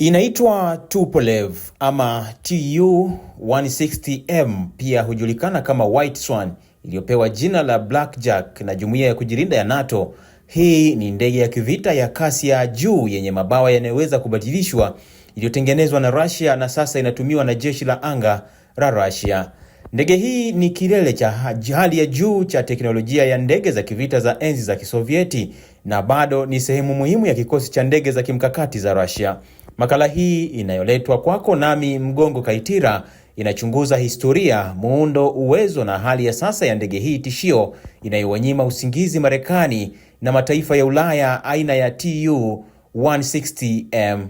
Inaitwa Tupolev ama Tu 160M, pia hujulikana kama White Swan, iliyopewa jina la Black Jack na jumuiya ya kujilinda ya NATO. Hii ni ndege ya kivita ya kasi ya juu yenye mabawa yanayoweza kubadilishwa, iliyotengenezwa na Russia na sasa inatumiwa na jeshi la anga la Russia. Ndege hii ni kilele cha hali ya juu cha teknolojia ya ndege za kivita za enzi za Kisovieti na bado ni sehemu muhimu ya kikosi cha ndege za kimkakati za Russia. Makala hii inayoletwa kwako nami Mgongo Kaitira inachunguza historia, muundo, uwezo na hali ya sasa ya ndege hii tishio inayowanyima usingizi Marekani na mataifa ya Ulaya aina ya TU 160M.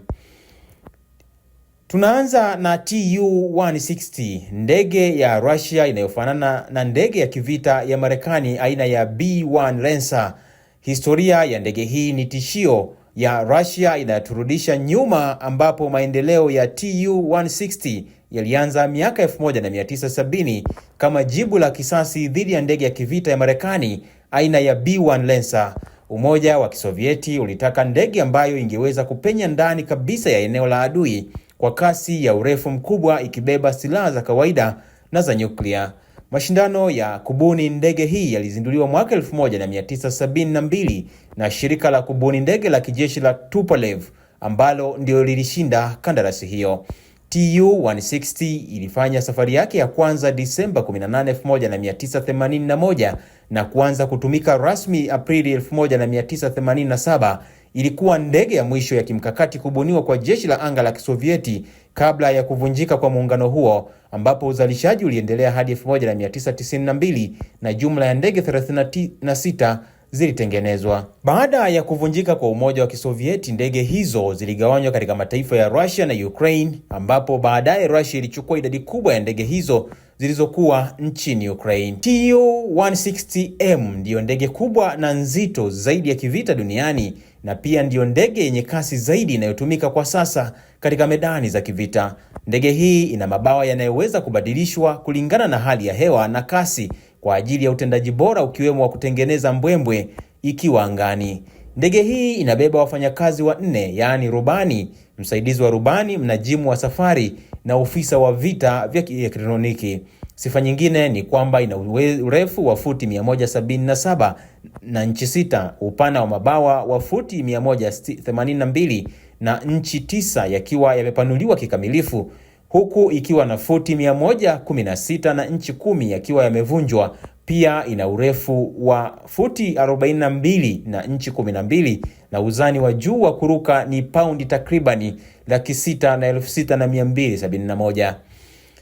Tunaanza na TU-160, ndege ya Russia inayofanana na ndege ya kivita ya Marekani aina ya B-1 Lancer. Historia ya ndege hii ni tishio ya Russia inaturudisha nyuma ambapo maendeleo ya Tu-160 yalianza miaka 1970 kama jibu la kisasi dhidi ya ndege ya kivita ya Marekani aina ya B-1 Lancer. Umoja wa Kisovieti ulitaka ndege ambayo ingeweza kupenya ndani kabisa ya eneo la adui kwa kasi ya urefu mkubwa ikibeba silaha za kawaida na za nyuklia. Mashindano ya kubuni ndege hii yalizinduliwa mwaka 1972 na shirika la kubuni ndege la kijeshi la Tupolev ambalo ndio lilishinda kandarasi hiyo. Tu-160 ilifanya safari yake ya kwanza Disemba 18, 1981 na kuanza kutumika rasmi Aprili 1987. Ilikuwa ndege ya mwisho ya kimkakati kubuniwa kwa jeshi la anga la Kisovieti kabla ya kuvunjika kwa muungano huo ambapo uzalishaji uliendelea hadi 1992 na jumla ya ndege 36 zilitengenezwa. Baada ya kuvunjika kwa Umoja wa Kisovieti, ndege hizo ziligawanywa katika mataifa ya Russia na Ukraine, ambapo baadaye Russia ilichukua idadi kubwa ya ndege hizo zilizokuwa nchini Ukraine. Tu-160M ndiyo ndege kubwa na nzito zaidi ya kivita duniani na pia ndiyo ndege yenye kasi zaidi inayotumika kwa sasa katika medani za kivita. Ndege hii ina mabawa yanayoweza kubadilishwa kulingana na hali ya hewa na kasi kwa ajili ya utendaji bora ukiwemo wa kutengeneza mbwembwe ikiwa angani. Ndege hii inabeba wafanyakazi wanne, yaani rubani, msaidizi wa rubani, mnajimu wa safari na ofisa wa vita vya kielektroniki. Sifa nyingine ni kwamba ina urefu wa futi 177 na nchi sita, upana wa mabawa wa futi 182 na nchi tisa yakiwa yamepanuliwa kikamilifu huku ikiwa na futi 116 na nchi kumi yakiwa yamevunjwa. Pia ina urefu wa futi 42 na nchi 12 na uzani wa juu wa kuruka ni paundi takribani laki sita na elfu sita na mia mbili sabini na moja.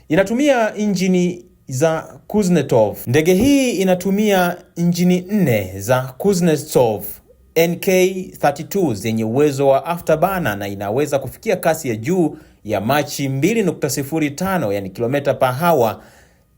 Inatumia injini za Kuznetov. Ndege hii inatumia injini nne za Kuznetov NK32 zenye uwezo wa afterburner na inaweza kufikia kasi ya juu ya machi 2.05 yani kilomita per hour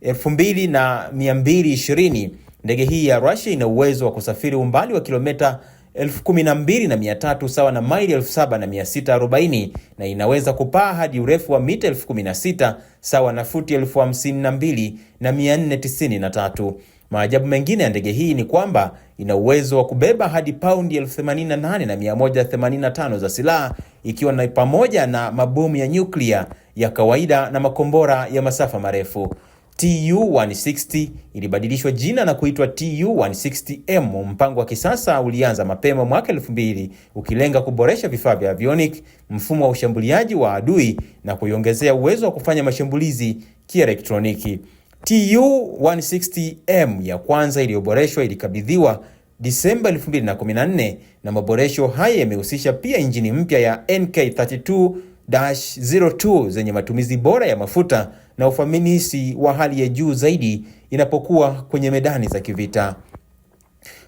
2220. Ndege hii ya Russia ina uwezo wa kusafiri umbali wa kilomita 12300 sawa na maili 7640 na inaweza kupaa hadi urefu wa mita 16000 sawa na futi 52493. Maajabu mengine ya ndege hii ni kwamba ina uwezo wa kubeba hadi paundi 88,185 za silaha ikiwa ni pamoja na mabomu ya nyuklia ya kawaida na makombora ya masafa marefu. Tu-160 ilibadilishwa jina na kuitwa Tu-160M. Mpango wa kisasa ulianza mapema mwaka 2000 ukilenga kuboresha vifaa vya avionic, mfumo wa ushambuliaji wa adui na kuiongezea uwezo wa kufanya mashambulizi kielektroniki. TU160M ya kwanza iliyoboreshwa ilikabidhiwa Disemba 2014 na maboresho haya yamehusisha pia injini mpya ya NK32-02 zenye matumizi bora ya mafuta na ufanisi wa hali ya juu zaidi inapokuwa kwenye medani za kivita.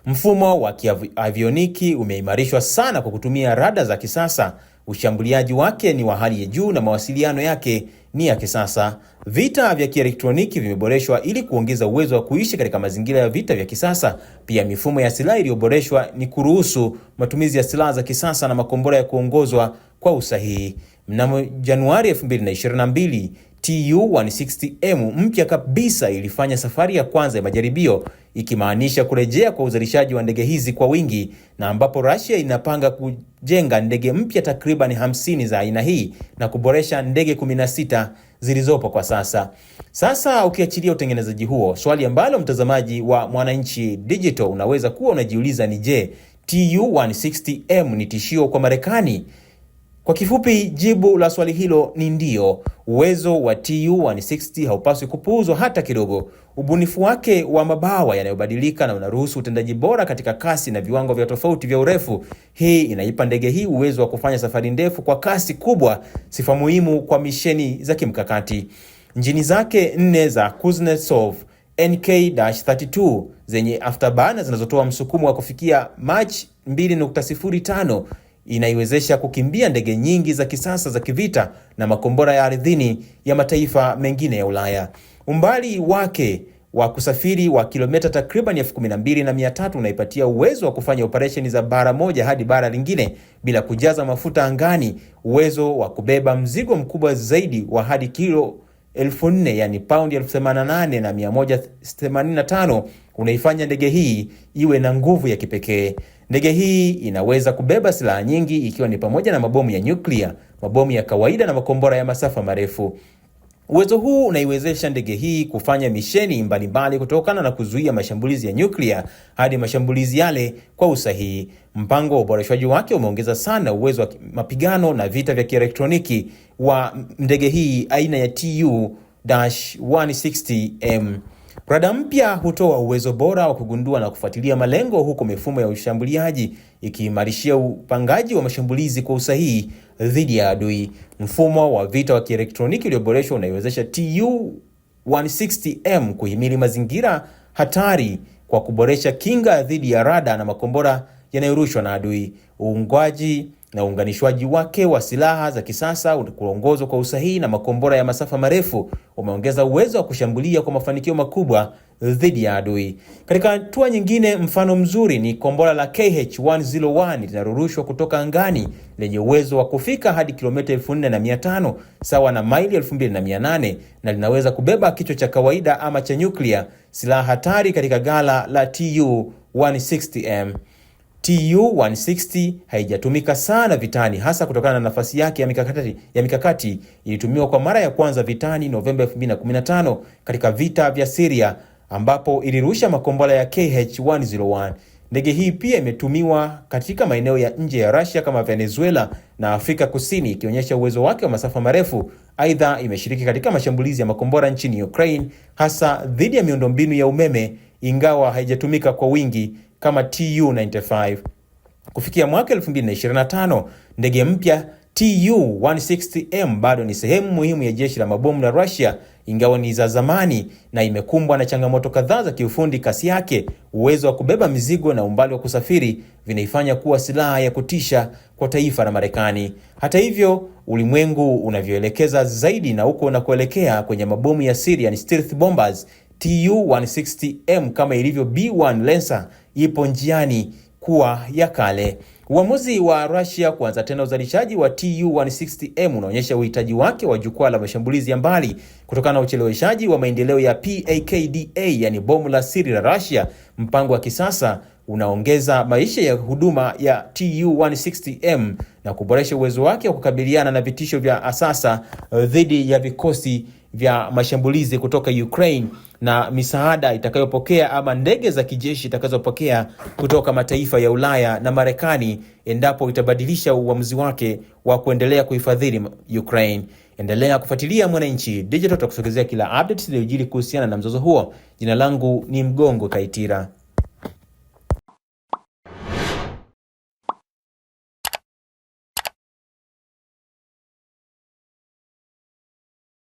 Mfumo wa kiavioniki umeimarishwa sana kwa kutumia rada za kisasa. Ushambuliaji wake ni wa hali ya juu na mawasiliano yake ni ya kisasa. Vita vya kielektroniki vimeboreshwa ili kuongeza uwezo wa kuishi katika mazingira ya vita vya kisasa. Pia mifumo ya silaha iliyoboreshwa ni kuruhusu matumizi ya silaha za kisasa na makombora ya kuongozwa kwa usahihi. Mnamo Januari 2022 TU160M mpya kabisa ilifanya safari ya kwanza ya majaribio ikimaanisha kurejea kwa uzalishaji wa ndege hizi kwa wingi na ambapo Russia inapanga kujenga ndege mpya takriban 50 za aina hii na kuboresha ndege 16 zilizopo kwa sasa. Sasa ukiachilia utengenezaji huo, swali ambalo mtazamaji wa Mwananchi Digital unaweza kuwa unajiuliza ni je, TU160M ni tishio kwa Marekani? Kwa kifupi, jibu la swali hilo ni ndiyo. Uwezo wa TU160 haupaswi kupuuzwa hata kidogo. Ubunifu wake wa mabawa yanayobadilika na unaruhusu utendaji bora katika kasi na viwango vya tofauti vya urefu. Hii inaipa ndege hii uwezo wa kufanya safari ndefu kwa kasi kubwa, sifa muhimu kwa misheni za kimkakati. Injini zake nne za Kuznetsov NK-32 zenye afterburner zinazotoa msukumo wa kufikia Mach 2.05 inaiwezesha kukimbia ndege nyingi za kisasa za kivita na makombora ya ardhini ya mataifa mengine ya Ulaya. Umbali wake wa kusafiri wa kilomita takriban elfu kumi na mbili na mia tatu unaipatia uwezo wa kufanya operesheni za bara moja hadi bara lingine bila kujaza mafuta angani, uwezo wa kubeba mzigo mkubwa zaidi wa hadi kilo elfu nne yani paundi elfu themanini na nane na mia moja themanini na tano unaifanya ndege hii iwe na nguvu ya kipekee. Ndege hii inaweza kubeba silaha nyingi ikiwa ni pamoja na mabomu ya nyuklia, mabomu ya kawaida na makombora ya masafa marefu. Uwezo huu unaiwezesha ndege hii kufanya misheni mbalimbali kutokana na kuzuia mashambulizi ya nyuklia hadi mashambulizi yale kwa usahihi. Mpango wa uboreshaji wake umeongeza sana uwezo wa mapigano na vita vya kielektroniki wa ndege hii aina ya TU-160M. Rada mpya hutoa uwezo bora wa kugundua na kufuatilia malengo huko mifumo ya ushambuliaji ikiimarishia upangaji wa mashambulizi kwa usahihi dhidi ya adui. Mfumo wa vita wa kielektroniki ulioboreshwa unaiwezesha TU160M kuhimili mazingira hatari kwa kuboresha kinga dhidi ya rada na makombora yanayorushwa na adui. Uungwaji na uunganishwaji wake wa silaha za kisasa kuongozwa kwa usahihi na makombora ya masafa marefu umeongeza uwezo wa kushambulia kwa mafanikio makubwa dhidi ya adui. Katika hatua nyingine, mfano mzuri ni kombora la KH-101 linarurushwa kutoka angani lenye uwezo wa kufika hadi kilomita 4500 sawa na maili 2800 na linaweza kubeba kichwa cha kawaida ama cha nyuklia, silaha hatari katika ghala la TU 160M. Tu-160 haijatumika sana vitani hasa kutokana na nafasi yake ya mikakati, ya mikakati ilitumiwa kwa mara ya kwanza vitani Novemba 2015 katika vita vya Syria ambapo ilirusha makombora ya KH-101. Ndege hii pia imetumiwa katika maeneo ya nje ya Russia kama Venezuela na Afrika Kusini ikionyesha uwezo wake wa masafa marefu. Aidha, imeshiriki katika mashambulizi ya makombora nchini Ukraine hasa dhidi ya miundombinu ya umeme ingawa haijatumika kwa wingi kama TU95. Kufikia mwaka 2025, ndege mpya Tu-160M bado ni sehemu muhimu ya jeshi la mabomu la Russia, ingawa ni za zamani na imekumbwa na changamoto kadhaa za kiufundi. Kasi yake, uwezo wa kubeba mizigo na umbali wa kusafiri vinaifanya kuwa silaha ya kutisha kwa taifa la Marekani. Hata hivyo, ulimwengu unavyoelekeza zaidi na huko kuelekea kwenye mabomu ya siri, yani stealth bombers, Tu-160M kama ilivyo B-1 Lancer ipo njiani kuwa ya kale. Uamuzi wa Russia kuanza tena uzalishaji wa Tu-160M unaonyesha uhitaji wake wa jukwaa la mashambulizi ya mbali kutokana na ucheleweshaji wa maendeleo ya PAKDA, yani bomu la siri la Russia. Mpango wa kisasa unaongeza maisha ya huduma ya Tu-160M na kuboresha uwezo wake wa kukabiliana na vitisho vya asasa eh, dhidi ya vikosi vya mashambulizi kutoka Ukraine na misaada itakayopokea ama ndege za kijeshi itakazopokea kutoka mataifa ya Ulaya na Marekani endapo itabadilisha uamuzi wake wa kuendelea kuifadhili Ukraine. Endelea kufuatilia Mwananchi Digital, kila update iliyojiri kuhusiana na mzozo huo. Jina langu ni Mgongo Kaitira.